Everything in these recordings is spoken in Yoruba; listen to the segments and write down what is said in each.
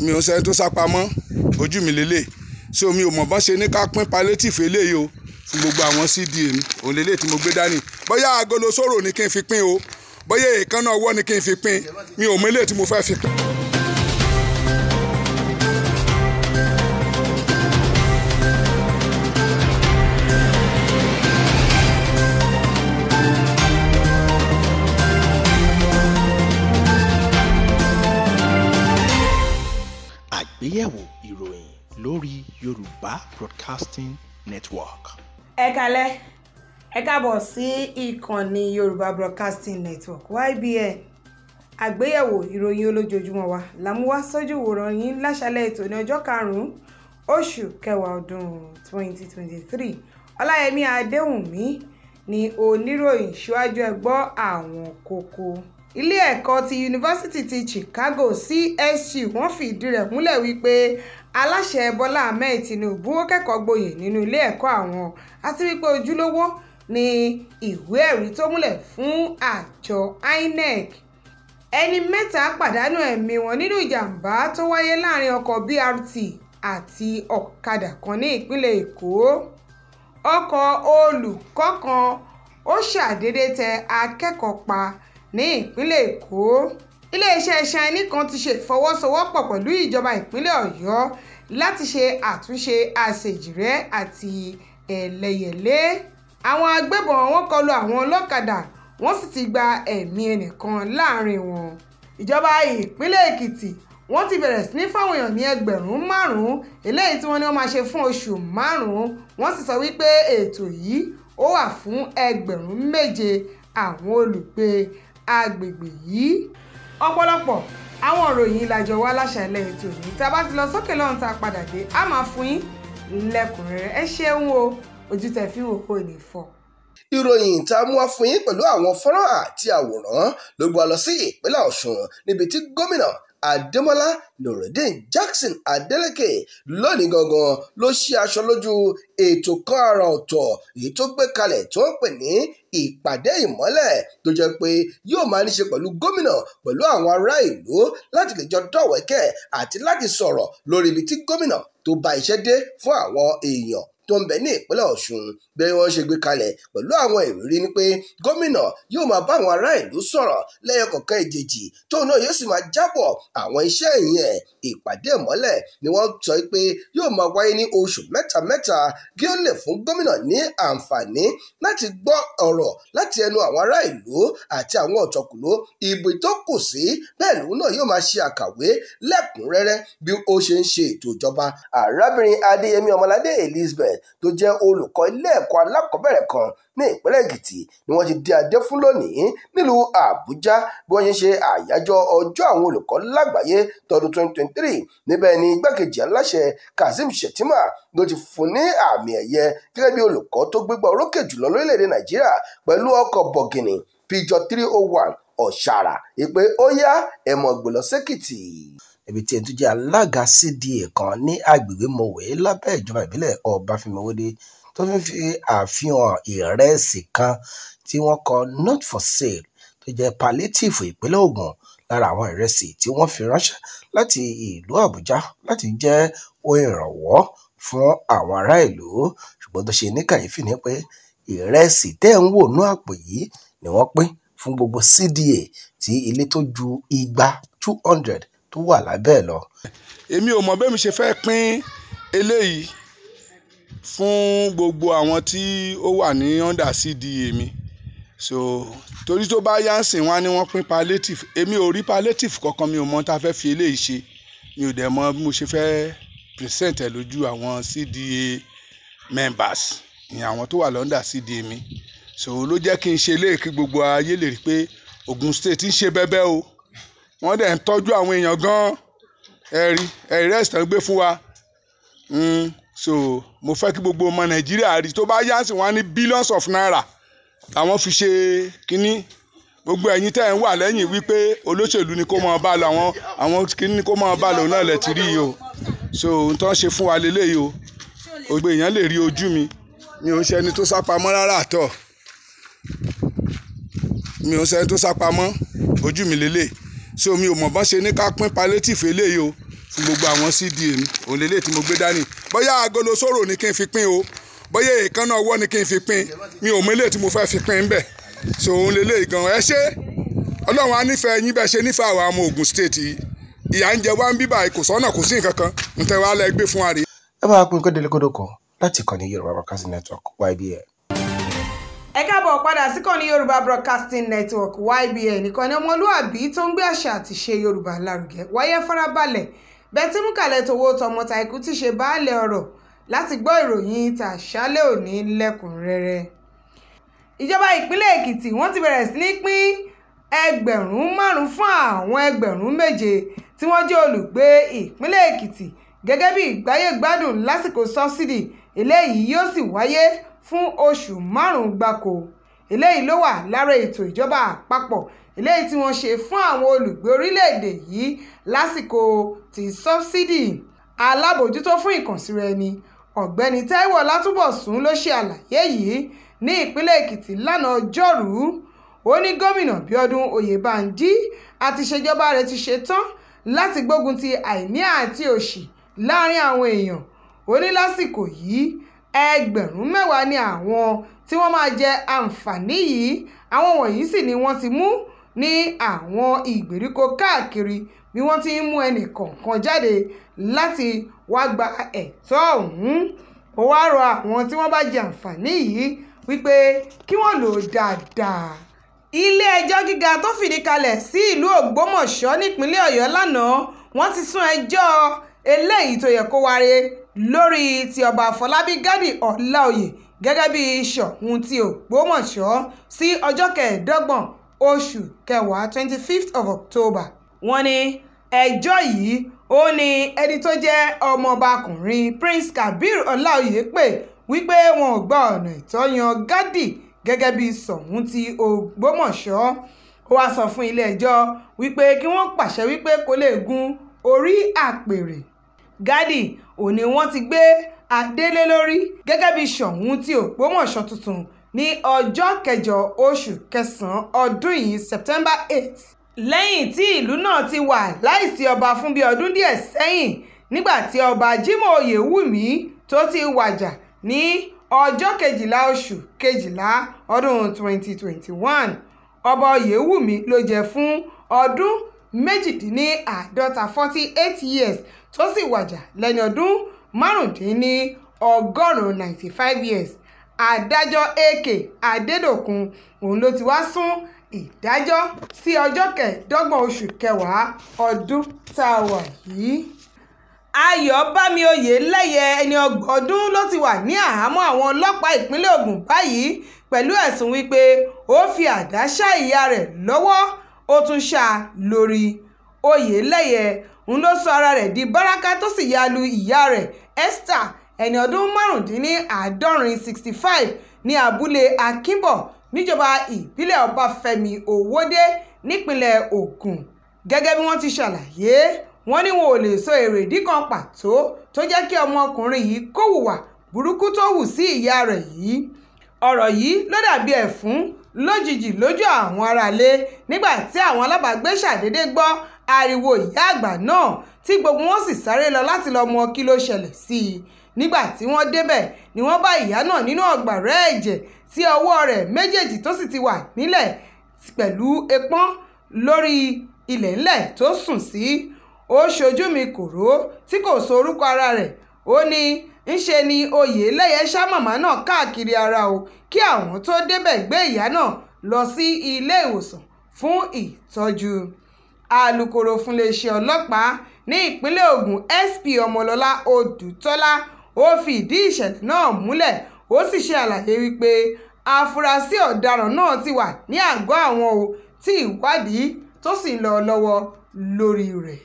mi ò sẹ́ni tó sápamọ́ ojú mi lélẹ̀ so mi ò mọ̀ bọ́n ṣe ní ká pín palliative eléyìí o fún gbogbo àwọn cd mi òun lélẹ̀ tí mo gbé dání bóyá agolo sóró ni kí n fi pín o bóyá èèkánná ọwọ́ ni kí n fi pín mi ò mọ eléyìí tí mo fẹ́ fi pín. àgbéyẹ̀wò ìròyìn lórí Yorùbá Broadcasting Network. ẹ kalẹ́ ẹ káàbọ̀ sí ìkànnì Yorùbá Broadcasting Network YBN àgbéyẹ̀wò ìròyìn olójoojúmọ́ wa làmúwá sójú wòran yín láṣálẹ́ ètò ní ọjọ́ karùn-ún oṣù kẹwàá ọdún 2023 Ọláyẹmí Adéwùnmí ni oníròyìn síwájú ẹ gbọ́ àwọn kókó ilé ẹ̀kọ́ ti yunifásitì ti Chicago CSU wọ́n fi ìdí rẹ̀ múlẹ̀ wípé aláṣẹ Bọ́lá Ahmed Tinubu ó kẹ́kọ̀ọ́ gboyè nínú ilé ẹ̀kọ́ àwọn àti wípé ojúlówó ni ìwé ẹ̀rí tó múlẹ̀ fún àjọ INEC ẹni mẹ́ta pàdánù ẹ̀mí wọn nínú ìjàmbá tó wáyé láàrin ọkọ̀ BRT àti ọ̀kadà kan ní ìpínlẹ̀ Èkó ọkọ̀ olùkọ́ kan ó ṣàdédé tẹ akẹ́kọ̀ọ́ pa ní ìpínlẹ̀ èkó iléeṣẹ́ ṣáínì kan ti ṣe ìfọwọ́sowọ́pọ̀ pẹ̀lú ìjọba ìpínlẹ̀ ọ̀yọ́ láti ṣe àtúnṣe àṣejìrẹ́ àti ẹlẹ́yẹlé àwọn agbébọn wọn kọlu àwọn ọlọ́kadà wọ́n sì ti gba ẹ̀mí ẹnìkan láàrin wọn ìjọba ìpínlẹ̀ èkìtì wọ́n ti bẹ̀rẹ̀ sí ní fáwọn èèyàn ní ẹgbẹ̀rún márùn-ún eléyìí tí wọ́n ní wọ́n máa ṣe fún oṣù márùn-ún wọ́n sì sọ wípé ètò yìí ó wà fún ẹgbẹ̀rún méje àwọn olùgbé agbègbè yìí ọ̀pọ̀lọpọ̀ àwọn ìròyìn ìlàjọ wa láṣàlẹ̀ ètò yìí tá a bá ti lọ sókè lọ́run tá a padà dé a máa fún yín lẹ́kùnrẹ́rẹ́ ẹ ṣeun o ojú tẹ́ fi wò kó lè fọ́ ìròyìn tá a mú wá fún yín pẹ̀lú àwọn fọ́nrán àti àwòrán ló gbọ́ lọ sí ìpínlẹ̀ Ọ̀ṣun níbi tí gómìnà adémọ́lá nurudeen jackson adeleke lónìí gangan ló ṣí aṣọ lójú ètò kan àrà ọ̀tọ̀ èyí tó gbé kalẹ̀ tó ń pè ní ìpàdé ìmọ́lẹ̀ tó jẹ́ pé yóò máa ní ṣe pẹ̀lú gómìnà pẹ̀lú àwọn ará ìlú láti lè jọ dọ̀wẹ́kẹ̀ àti láti sọ̀rọ̀ lórí ibi tí gómìnà tó bá iṣẹ́ dé fún àwọn èèyàn tó ń bẹ ní ìpínlẹ̀ Ọ̀ṣun bí wọ́n ṣe gbé kalẹ̀ pẹ̀lú àwọn ìrírí ni pé gómìnà yóò máa bá àwọn ará ìlú sọ̀rọ̀ lẹ́yọ kọ̀ọ̀kan ìjèjì tóun náà yóò sì máa jábọ̀ àwọn iṣẹ́ ìyẹn ìpàdé ìmọ́lẹ̀ ni wọ́n sọ pé yóò máa wáyé ní oṣù mẹ́ta mẹ́ta kí ó lè fún gómìnà ní àǹfààní láti gbọ́ ọ̀rọ̀ láti ẹnu àwọn ará ìlú àti àwọn ọ̀tọ̀kùlú ibi tó Elizabeth rẹ̀ tó jẹ́ olùkọ́ ilé ẹ̀kọ́ alákọ̀ọ́bẹ̀rẹ̀ kan ní ìpínlẹ̀ èkìtì ni wọ́n ti dé adé fún lónìí nílùú àbújá bí wọ́n ṣe ń ṣe àyájọ́ ọjọ́ àwọn olùkọ́ lágbàáyé tọdún 2023 níbẹ̀ ni igbákejì aláṣẹ kazeem shettima ló ti fún ní àmì ẹ̀yẹ gẹ́gẹ́ bí olùkọ́ tó gbégbá orókè jùlọ lórílẹ̀‐èdè nàìjíríà pẹ̀lú ọkọ̀ bọ̀gìnì pjọ 301 ọ̀ṣàrà ìpè ó yá ẹ̀mọ̀ gbèlọ́sẹ́kìtì ibi tí ẹni tó jẹ́ alága CDA kan ní agbègbè mọ̀wé lábẹ́ ìjọba ìbílẹ̀ Ọbáfẹ́mi Awódé tó fi fi àfihàn ìrẹsì kan tí wọ́n kọ not for sale tó jẹ́ palliative ìpínlẹ̀ Ògùn lára àwọn ìrẹsì tí wọ́n fi ránṣẹ́ láti ìlú Àbújá láti jẹ́ ohun ìrànwọ́ fún àwọn ará ìlú ṣùgbọ́n tó ṣe ní kàyéfì ni pé ìrẹsì tẹ́ ń wò nú àpò yìí ni wọ́n pín fún gbogbo CDA tí ilé tó ju igba two hundred tó wà lábẹ́ ẹ̀ lọ. èmi ò mọ bẹ́ẹ̀ mi ṣe fẹ́ pín eléyìí fún gbogbo àwọn tí ó wà ní under CDA mi so torí tó bá yánsìn wá ni wọ́n pín palliative èmi ò rí palliative kankan mi ò mọ tá a fẹ́ fi eléyìí ṣe mi ò dẹ̀ mọ bí mo ṣe fẹ́ present ẹ̀ lójú àwọn CDA members ìyẹn àwọn tó wà lọ́ndà CDA mi so ló jẹ́ kí n ṣe léèkí gbogbo ayé lè rí pé Ògùn State ń ṣe bẹ́bẹ́ o wọ́n dẹ̀ ń tọ́jú àwọn èèyàn gan-an ẹ̀rí ẹ̀rí rẹ́sítàn gbé fún wa hmm, so mo fẹ́ kí gbogbo ọmọ nàìjíríà rí tó bá yá sí wọn ní billions of naira àwọn fi ṣe kínní gbogbo ẹ̀yin tẹ́ ẹ̀ ń wà lẹ́yìn wípé olóṣèlú ni kó máa bá lọ àwọn àwọn kínní kó máa bá lọ náà lẹ̀ ti rí yìí o so n tó ṣe fún wa lélẹ́yìí o gbogbo èèyàn lè rí ojú mi mi ò ń ṣe ẹni tó sápamọ́ rárá àtọ̀ mi ò ń ṣe ẹni tó sápamọ́ ojú mi lélẹ́yìí so mi ò mọ̀ bọ́n ṣe ní ká pín palliative eléyìí o fún gbogbo àwọn cda mi òun lélẹ̀ tí mo gbé dání bóyá agolo sóró ni kí n fi pín o bóyá èékánná ọwọ́ ni kí n fi pín mi ò mọ eléyìí tí mo fẹ́ fi pín bẹ́ẹ̀ so òun lélẹ̀ gan ẹ ṣé ọlọ́run á nífẹ̀ẹ́ yín bẹ́ẹ̀ ṣe nífẹ̀ẹ́ àwọn ọmọ Ògùn state yìí ìyà ń jẹ wá ń bíbà kò sọ́nà kò sí nǹkan kan ntẹ̀wá lẹ gbé fún wa rèé. ẹ bá a pín kó délé kódò kan láti kàn ní Yorùbá Broadcasting Network YBN ẹ káàbọ̀ padà síkàn ní yorùbá broadcasting network ybn ìkànnì ọmọlúàbí tó ń gbé àṣà àti ṣe yorùbá lárugẹ wáyé farabalẹ̀ bẹ́tí múkàlẹ̀ tòwó tọmọ tàìkú ti ṣe baálẹ̀ ọ̀rọ̀ láti gbọ́ ìròyìn tàṣálẹ̀ òní lẹ́kùnrẹ́rẹ́ ìjọba ìpínlẹ̀ èkìtì wọ́n ti bẹ̀rẹ̀ sí ní pín ẹgbẹ̀rún márùn-ún fún àwọn ẹgbẹ̀rún méje tí wọ́n jẹ́ olùgbé ìpínlẹ̀ èkìtì gẹ́gẹ́ bí ìgbáyé gbádùn lásìkò sọ́sídì eléyìí yóò sì wáyé fún oṣù márùn-ún gbáko eléyìí ló wà lára ètò ìjọba àpapọ̀ eléyìí tí wọ́n ṣe fún àwọn olùgbé orílẹ̀-èdè yìí lásìkò tí sọ́fídì alábòójútó fún ìkànsíra-ẹni ọ̀gbẹ́ni taiwo ọlátúnbọ̀sùn ló ṣe àlàyé yìí ní ìpínlẹ̀ èkìtì lánàá ọjọ́rùú ó ní gómìnà bíọ́dún oyèbáńjí àti ìṣèjọba rẹ̀ ti ṣetán láti gbógun ti àìní àti òṣì láàrin àwọn èèyàn ó ní lásìkò yìí ẹgbẹ̀rún mẹ́wàá ni àwọn tí wọ́n máa jẹ àǹfààní yìí àwọn wọ̀nyí sì ni wọ́n ti mú ní àwọn ìgbèríko káàkiri bí wọ́n ti ń mú ẹnì kọ̀ọ̀kan jáde láti wáá gba ẹ̀tọ́ ọ̀hún ó wáá rọ àwọn tí wọ́n bá jẹ àǹfààní yìí wípé kí wọ́n lò ó dáadáa ilé-ẹjọ́ gíga tó fìdí kalẹ̀ sí ìlú ògbómọ̀ṣọ́ nípínlẹ̀ ọ̀yọ́ lánàá wọ́n ti sún ẹjọ́ eléyìí tó yẹ kó wáyé lórí ti ọba àfọlábí gádì ọláòyè gẹ́gẹ́ bí ṣọ̀ún ti ògbómọ̀ṣọ́ sí ọjọ́ kẹẹ̀ẹ́dọ́gbọ̀n oṣù kẹwàá twenty fifth of october wọ́n ní ẹjọ́ yìí ó ní ẹni tó jẹ́ ọmọọbakùnrin prince kabir ọláòyè pé wípé wọn ò gba ọ̀nà ìtọ́yan gádì gẹ́gẹ́ bí ṣọ̀ún ti ògbómọ̀ṣọ́ ó wáá sọ fún ilé ẹjọ́ wípé kí wọ́n pàṣẹ wípé kó lè gun orí àpèrè gádì òní wọ́n ti gbé adélé lórí gẹ́gẹ́ bí Ṣọ̀ún ti Ògbómọ̀ṣọ́ tuntun ní ọjọ́ kẹjọ oṣù kẹsàn-án ọdún yìí September 8 lẹ́yìn tí ìlú náà ti wà láìsí ọba fún bí ọdún díẹ̀ sẹ́yìn nígbà tí ọba Jimoh Oyewumi tó ti wàjà ní ọjọ́ kejìlá oṣù kejìlá ọdún 2021 ọba Oyewumi ló jẹ fún ọdún méjìdínláàádọ́ta 48 years tó sì wájà lẹ́ni ọdún márùndínní ọgọ́rùn-ún ninety five years adájọ́ ak adédọ̀kun òun ló ti wá sún ìdájọ́ sí ọjọ́ kẹẹ̀ẹ́dọ́gbọ̀n oṣù kẹwàá ọdún tá a wà yìí ayọ̀bámi oyèlẹ́yẹ ẹni ọdún ló ti wà ní àhámọ́ àwọn ọlọ́pàá ìpínlẹ̀ Ògùn báyìí pẹ̀lú ẹ̀sùn wípé ó fi àdá ṣá ìyá rẹ̀ lọ́wọ́ ó tún ṣá a lórí oyèlẹ́yẹ òun ló sọ ara rẹ̀ di baraka tó sì ya lu ìyá rẹ̀ esther ẹni ọdún márùndínláàádọ́rin sixty five ní abúlé akínbọ̀ níjọba ìbílẹ̀ ọbáfẹ́mi òwòde nípínlẹ̀ ògùn gẹ́gẹ́ bí wọ́n ti ṣàlàyé wọ́n ní wọn ò lè sọ èrèdí kan pàtó tó jẹ́ kí ọmọkùnrin yìí kó hùwà burúkú tó hù sí ìyá rẹ̀ yìí ọ̀rọ̀ yìí ló dàbí ẹ̀fún lójijì lójú àwọn aráalé nígbà tí àwọn alábàágbé ṣàdédé gbọ́ ariwo ìyá àgbà náà tí gbogbo wọn sì sáré lọ láti lọ mọ kí ló ṣẹlẹ̀ sí i nígbà tí wọ́n débẹ̀ ni wọ́n bá ìyá náà nínú ọgbàrá ẹ̀jẹ̀ tí ọwọ́ rẹ̀ méjèèjì tó sì ti wà nílẹ̀ pẹ̀lú ẹpọ́n lórí ilẹ̀ ńlẹ̀ tó sùn sí ó ṣojú mi kòró tí kò sọ orúkọ ara rẹ̀ ó ní ńṣe ni oyè lẹ́yẹ ṣá màmá náà káàkiri ara o kí àwọn tó débẹ̀ gbé ìyá náà lọ sí ilé ìwòsàn fún ìtọ́jú alūkkóró fúnléèṣẹ̀ ọlọ́pàá ní ìpínlẹ̀ ogun sp ọmọlọ́lá ọ̀dùtọ́lá ó fi ìdí ìṣẹ̀lẹ̀ náà múlẹ̀ ó sì ṣe àlàyé wípé afurasí ọ̀daràn náà ti wà ní àgọ́ àwọn o tí ìwádìí tó sì ń lọ lọ́wọ́ lórí rẹ̀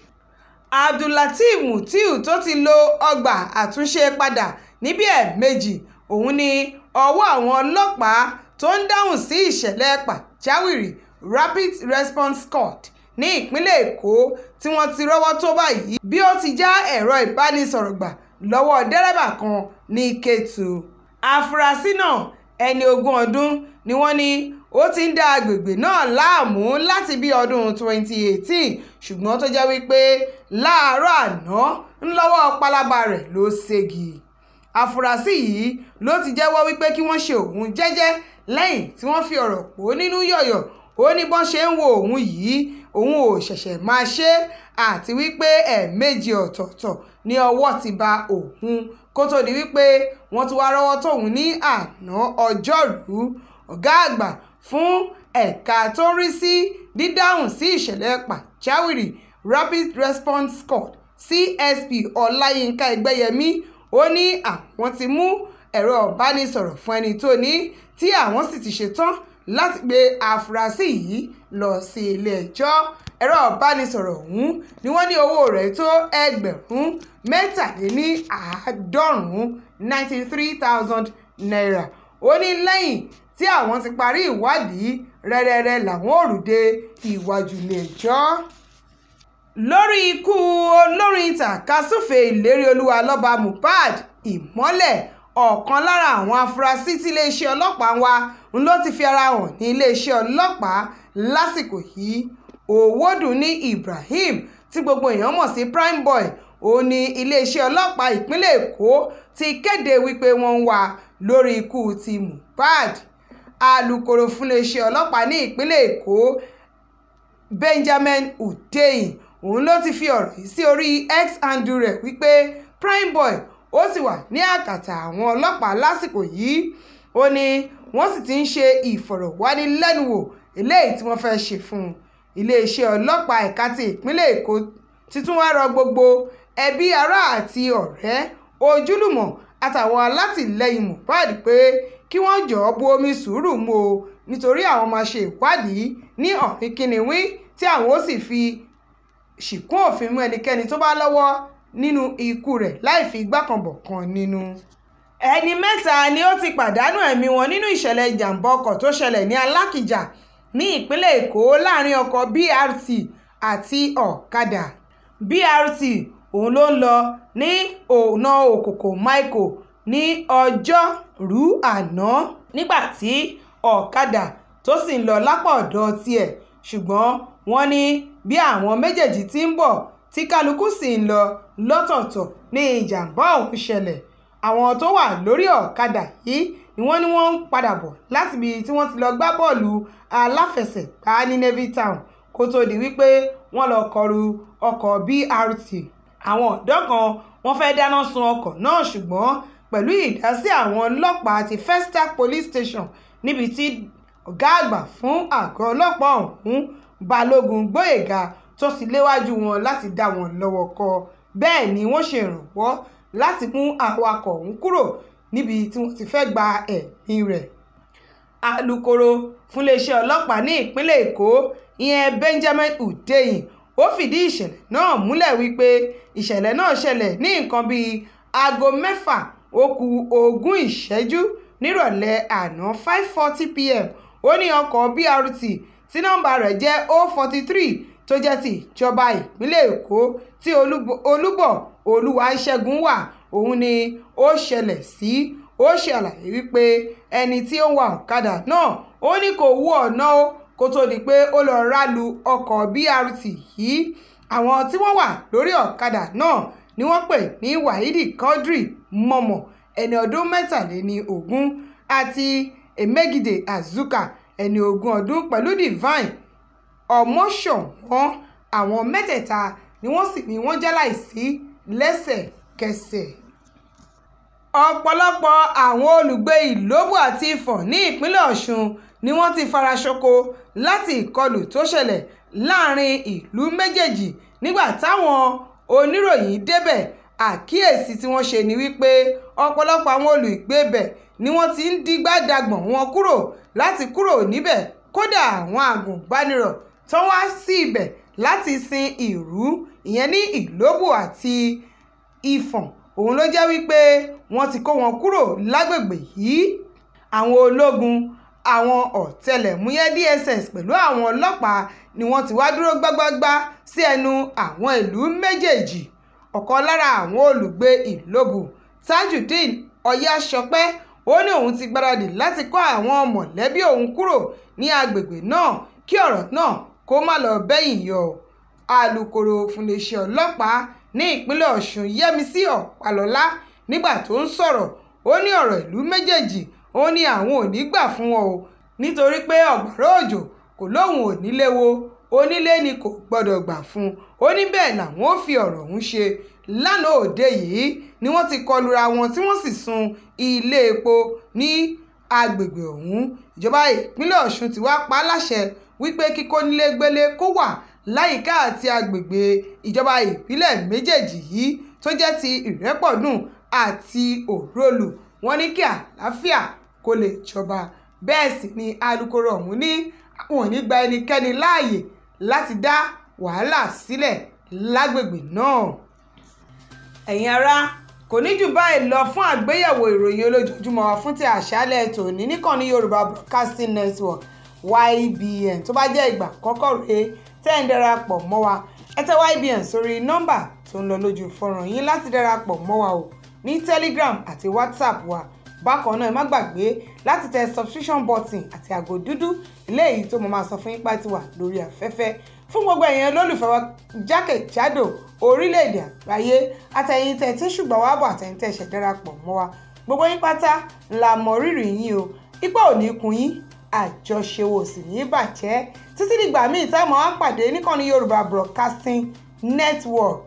abdullateef mutiu tó ti lo ọgbà àtúnṣe padà níbi ẹ̀ẹ̀mejì òun ni ọwọ́ àwọn ọlọ́pàá tó ń dáhùn sí ìṣẹ̀lẹ̀ pàjáwìrì rapid response court ní ìpínlẹ̀ èkó tí wọ́n ti rọ́wọ́ tó báyìí bí ó ti já ẹ̀rọ ìbánisọ̀rọ̀ gbà lọ́wọ́ dẹ́rẹ́bà kan ní kétu afurasí náà ẹni ogún ọdún ni wọ́n ní ó ti ń dá agbègbè náà láàmú láti bí ọdún 2018 ṣùgbọ́n tó jẹ́ wípé láàárọ̀ àná ńlọ́wọ́ pálábá rẹ̀ ló ségi afurasí yìí ló ti jẹ́wọ́ wípé kí wọ́n ṣe òun jẹ́jẹ́ lẹ́yìn tí wọ́n fi ọ̀rọ̀ pò nínú yọ̀yọ̀ ó ní bọ́n ṣe ń wo òun yìí òun ò ṣẹ̀ṣẹ̀ máa ṣe é àti wípé ẹ̀ẹ̀mejì ọ̀tọ̀ọ̀tọ̀ ni owó ti ba òun kó tóó di wípé wọ́n tún wá rọ́wọ́ tóun ní àná ọjọ́rùú ọ̀gá àgbà fún ẹ̀ka tó ń rí sí dídáhùn sí ìṣẹ̀lẹ̀ pàjáwìrì rapid response squad csp ọláyínká ẹgbẹ́yẹmí ó ní àwọn ti mú ẹ̀rọ ìbánisọ̀rọ̀ fún ẹni tó ní tí àwọn sì ti ṣetán láti gbé àfúrásì yìí lọ sí ilé-ẹjọ́ ẹ̀rọ ìbánisọ̀rọ̀ ọ̀hún ni wọ́n ní owó rẹ̀ tó ẹgbẹ̀rún mẹ́tàléníàádọ́rùn-ún ninety three thousand naira ó ní lẹ́yìn tí àwọn ti parí ìwádìí rẹ́rẹ́rẹ́ làwọn ò rúdé iwájú ilé-ẹjọ́ lórí ikú olórin tàkasúfèé ìlérí olúwa lọ́ba Mohbad Ìmọ́lẹ̀ ọ̀kan lára àwọn afurasí tí iléeṣẹ́ ọlọ́pàá wà ló ti fi ara hàn ní iléeṣẹ́ ọlọ́pàá lásìkò yìí ọwọ́dúnni ibrahim tí gbogbo èèyàn mọ̀ sí prime boy ó ní iléeṣẹ́ ọlọ́pàá ìpínlẹ̀ èkó ti kéde wípé wọ́n ń wá lórí ikú ti mohbad alūkkóró fúnléeṣẹ́ ọlọ́pàá ní ìpínlẹ̀ èkó benjamin hundeyin òun ló ti fi ọ̀rọ̀ sí orí x handle rẹ̀ wípé prime boy ó sì wà ní àkàtà àwọn ọlọ́pàá lásìkò yìí ó ní wọ́n sì ti ń ṣe ìfọ̀rọ̀wánilẹ́nuwò eléyìí tí wọ́n fẹ́ ṣe fún un iléeṣẹ́ ọlọ́pàá ẹ̀ka ti ìpínlẹ̀ èkó ti tún wá rọ gbogbo ẹbí ará àti ọ̀rẹ́ ojúlùmọ̀ àtàwọn alátìlẹyìn Mohbad pé kí wọ́n jọ̀ọ́ bu omi sùúrù mu o nítorí àwọn máa ṣe ìwádìí ní ọ̀rìn kìnìún tí àwọn ó sì fi ṣìkún òfin mú ẹnikẹ́ni tó bá lọ́wọ́ nínú ikú rẹ̀ láì fi igbá kan bọ̀kan nínú ẹni mẹ́ta ni ó ti pàdánù ẹ̀mí wọn nínú ìṣẹ̀lẹ̀ ìjàm̀bá ọkọ̀ tó ṣẹlẹ̀ ní alákìjà ní ìpínlẹ̀ èkó láàrin ọkọ̀ brt àti ọ̀kadà brt òun ló ń lọ ní ọ̀nà òkòkò maiko ní ọjọ́rú àná nígbà tí ọ̀kadà tó sì ń lọ lápá ọ̀dọ̀ tiẹ̀ ṣùgbọ́n wọ́n ní bí àwọn méjèèjì ti ń bọ̀ tí kálukú sì ń lọ lọ́tọ̀ọ̀tọ̀ ni ìjàm̀bá ọ̀hún ṣẹlẹ̀ àwọn tó wà lórí ọ̀kadà yìí ni wọ́n ní wọ́n ń padà bọ̀ láti ibi tí wọ́n ti lọ gbá bọ́ọ̀lù aláfẹsẹ̀gbá ní Navy Town kó tóó di wípé wọ́n lọ kọlu ọkọ̀ BRT àwọn ọ̀dọ́ kan wọ́n fẹ́ dáná sun ọkọ̀ náà ṣùgbọ́n pẹ̀lú ìdásí àwọn ọlọ́pàá ti Festac Police Station níbi tí ọ̀gá àgbà fún àgọ́ ọlọ́pàá ọ̀hún Balógun Gbóyèga tó sì léwájú wọn láti dá wọn lọ́wọ́ kọ bẹ́ẹ̀ ni wọ́n ṣe ìrànwọ́ láti mú awakọ̀ ọ̀hún kúrò níbi tí wọ́n ti fẹ́ gba ẹ̀mí rẹ̀ alūkkóró fúnléeṣẹ́ ọlọ́pàá ní ìpínlẹ̀ èkó ìyẹn benjamin hundeyin ó fìdí ìṣẹ̀lẹ̀ náà múlẹ̀ wípé ìṣẹ̀lẹ̀ náà ṣẹlẹ̀ ní nǹkan bíi aago mẹ́fà ó ogún ìṣẹ́jú nírọ̀lẹ́ àná five pm ó ní ọkọ̀ brt tí nọ́mbà rẹ̀ jẹ́ o forty three tó jẹ́ ti ìjọba ìpínlẹ̀ èkó tí olúbọ̀ olúwaṣẹ́gun wà òun ni ó ṣẹlẹ̀ sí ó ṣàlàyé wípé ẹni tí ó ń wa ọ̀kadà náà ó ní kó wú ọ̀nà o kó tó di pé ó lọ rálu ọkọ̀ BRT yìí àwọn tí wọ́n wà lórí ọ̀kadà náà ni wọ́n pè ní Wahidi Quadri mọ̀mọ̀ ẹni ọdún mẹ́tàléní ogún àti Emegide Azuka ẹni ogún ọdún pẹ̀lú Divine ọmọṣọ̀wọ́n àwọn mẹ́tẹ̀ẹ̀ta ni wọ́n sì ni wọ́n jáláìsí lẹ́sẹ̀kẹsẹ̀ ọ̀pọ̀lọpọ̀ àwọn olùgbé ìlóbù àti ifọ̀ ní ìpínlẹ̀ ọ̀ṣun ni wọ́n ti fara ṣoko láti ìkọlù tó ṣẹlẹ̀ láàrin ìlú méjèèjì nígbà táwọn oníròyìn débẹ̀ àkíyèsí tí wọ́n ṣe ni wípé ọ̀pọ̀lọpọ̀ àwọn olùgbé ibẹ̀ ni wọ́n ti ń digbá dagbọ̀n wọn kúrò láti kúrò níbẹ̀ kódà àwọn agùnbánirọ̀ tó wá sí ibẹ̀ láti sin ìrú ìyẹn ní ìlóbù àti ìfọ̀n òun ló jẹ́ wípé wọ́n ti kó wọn kúrò lágbègbè yìí àwọn ológun àwọn ọ̀tẹlẹ̀múyẹ́ DSS pẹ̀lú àwọn ọlọ́pàá ni wọ́n ti wá dúró gbágbágbá sí ẹnu àwọn ìlú méjèèjì ọ̀kan lára àwọn olùgbé ìlóbù Tajudeen Ọ̀yáṣọpẹ́ ó ní òun ti gbáradì láti kó àwọn mọ̀lẹ́bí òun kúrò ní agbègbè náà kí ọ̀rọ̀ náà kó má lọ́ọ́ bẹ́yìn yọ alūkkóró fúnléèṣẹ̀ ọlọ́pàá ní ìpínlẹ̀ ọ̀sùn yẹ́mísì ọpàlọ́lá nígbà tó ń sọ̀rọ̀ ó ní ọ̀rọ̀ ìlú méjèèjì ó ní àwọn ò ní í gbà fún wọn o nítorí pé ọ̀gbàrá òjò kò lóun ò wo onílé ni kò gbọ́dọ̀ gbà fún un ó ní bẹ́ẹ̀ làwọn ò fi ọ̀rọ̀ ọ̀hún ṣe lánàá òde yìí ni wọ́n ti kọlura wọn tí wọ́n sì sun ilé epo ní agbègbè ọ̀hún ìjọba ìpínlẹ̀ ọ̀sùn ti wá pa á láṣẹ wípé kíkónílégbélé kó wà láyìíká àti agbègbè ìjọba ìbílẹ̀ méjèèjì yìí tó jẹ́ ti ìrépọ̀dùn àti òrólù wọn ní kí àlàáfíà kó lè jọba bẹ́ẹ̀ sì ni alūkkóró ọ̀hún ní àwọn ò ní gba ẹnikẹ́ni láàyè láti dá wàhálà sílẹ̀ lágbègbè náà. ẹ̀yin ará kò ní jù báyìí lọ fún àgbéyẹ̀wò ìròyìn olójoojúmọ́ wa fún ti àṣálẹ́ tòní níkànnì Yorùbá Broadcasting Network YBN tó bá jẹ́ ìgbà àkọ́kọ́ rèé tẹ́ ń darapọ̀ mọ́ wa ẹ tẹ YBN sórí nọ́mbà tó ń lọ lójú fọ́nrán yín láti darapọ̀ mọ́ wa o ní Telegram àti WhatsApp wa bákan náà ẹ má gbàgbé láti tẹ subscription button àti àgò dúdú eléyìí tó mo máa sọ fún yín pa ti wà lórí afẹ́fẹ́ fún gbogbo ẹ̀yin olólùfẹ́ wa jákèjádò orílẹ̀-èdè àgbáyé àtẹ̀yìn tẹ̀ tí ṣùgbọ́n wá bọ̀ àtẹ̀yìn tẹ̀ ṣẹ̀ darapọ̀ mọ́ wa gbogbo yín pátá la mọ rírì yín o ipò ò kun yín àjọṣe wo sì ní bàjẹ́ títí dìgbà míì táwọn á pàdé níkànnì Yorùbá Broadcasting Network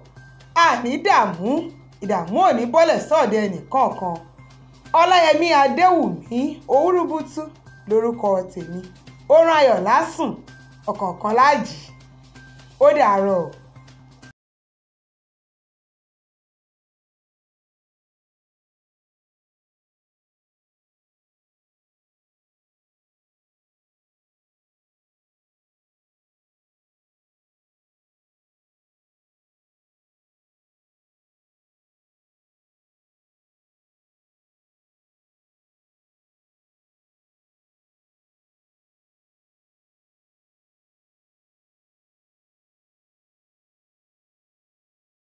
àní dààmú ìdààmú ò ní bọ́lẹ̀ sọ́ọ̀dẹ̀ ẹnìkọ̀ọ̀kan Ọláyẹmí Adéwùmí Òwúrúbútú lórúkọ tèmi ó rán ayọ̀ lásùn ọ̀kọ̀ọ̀kan láàjì ó dàárọ̀ o.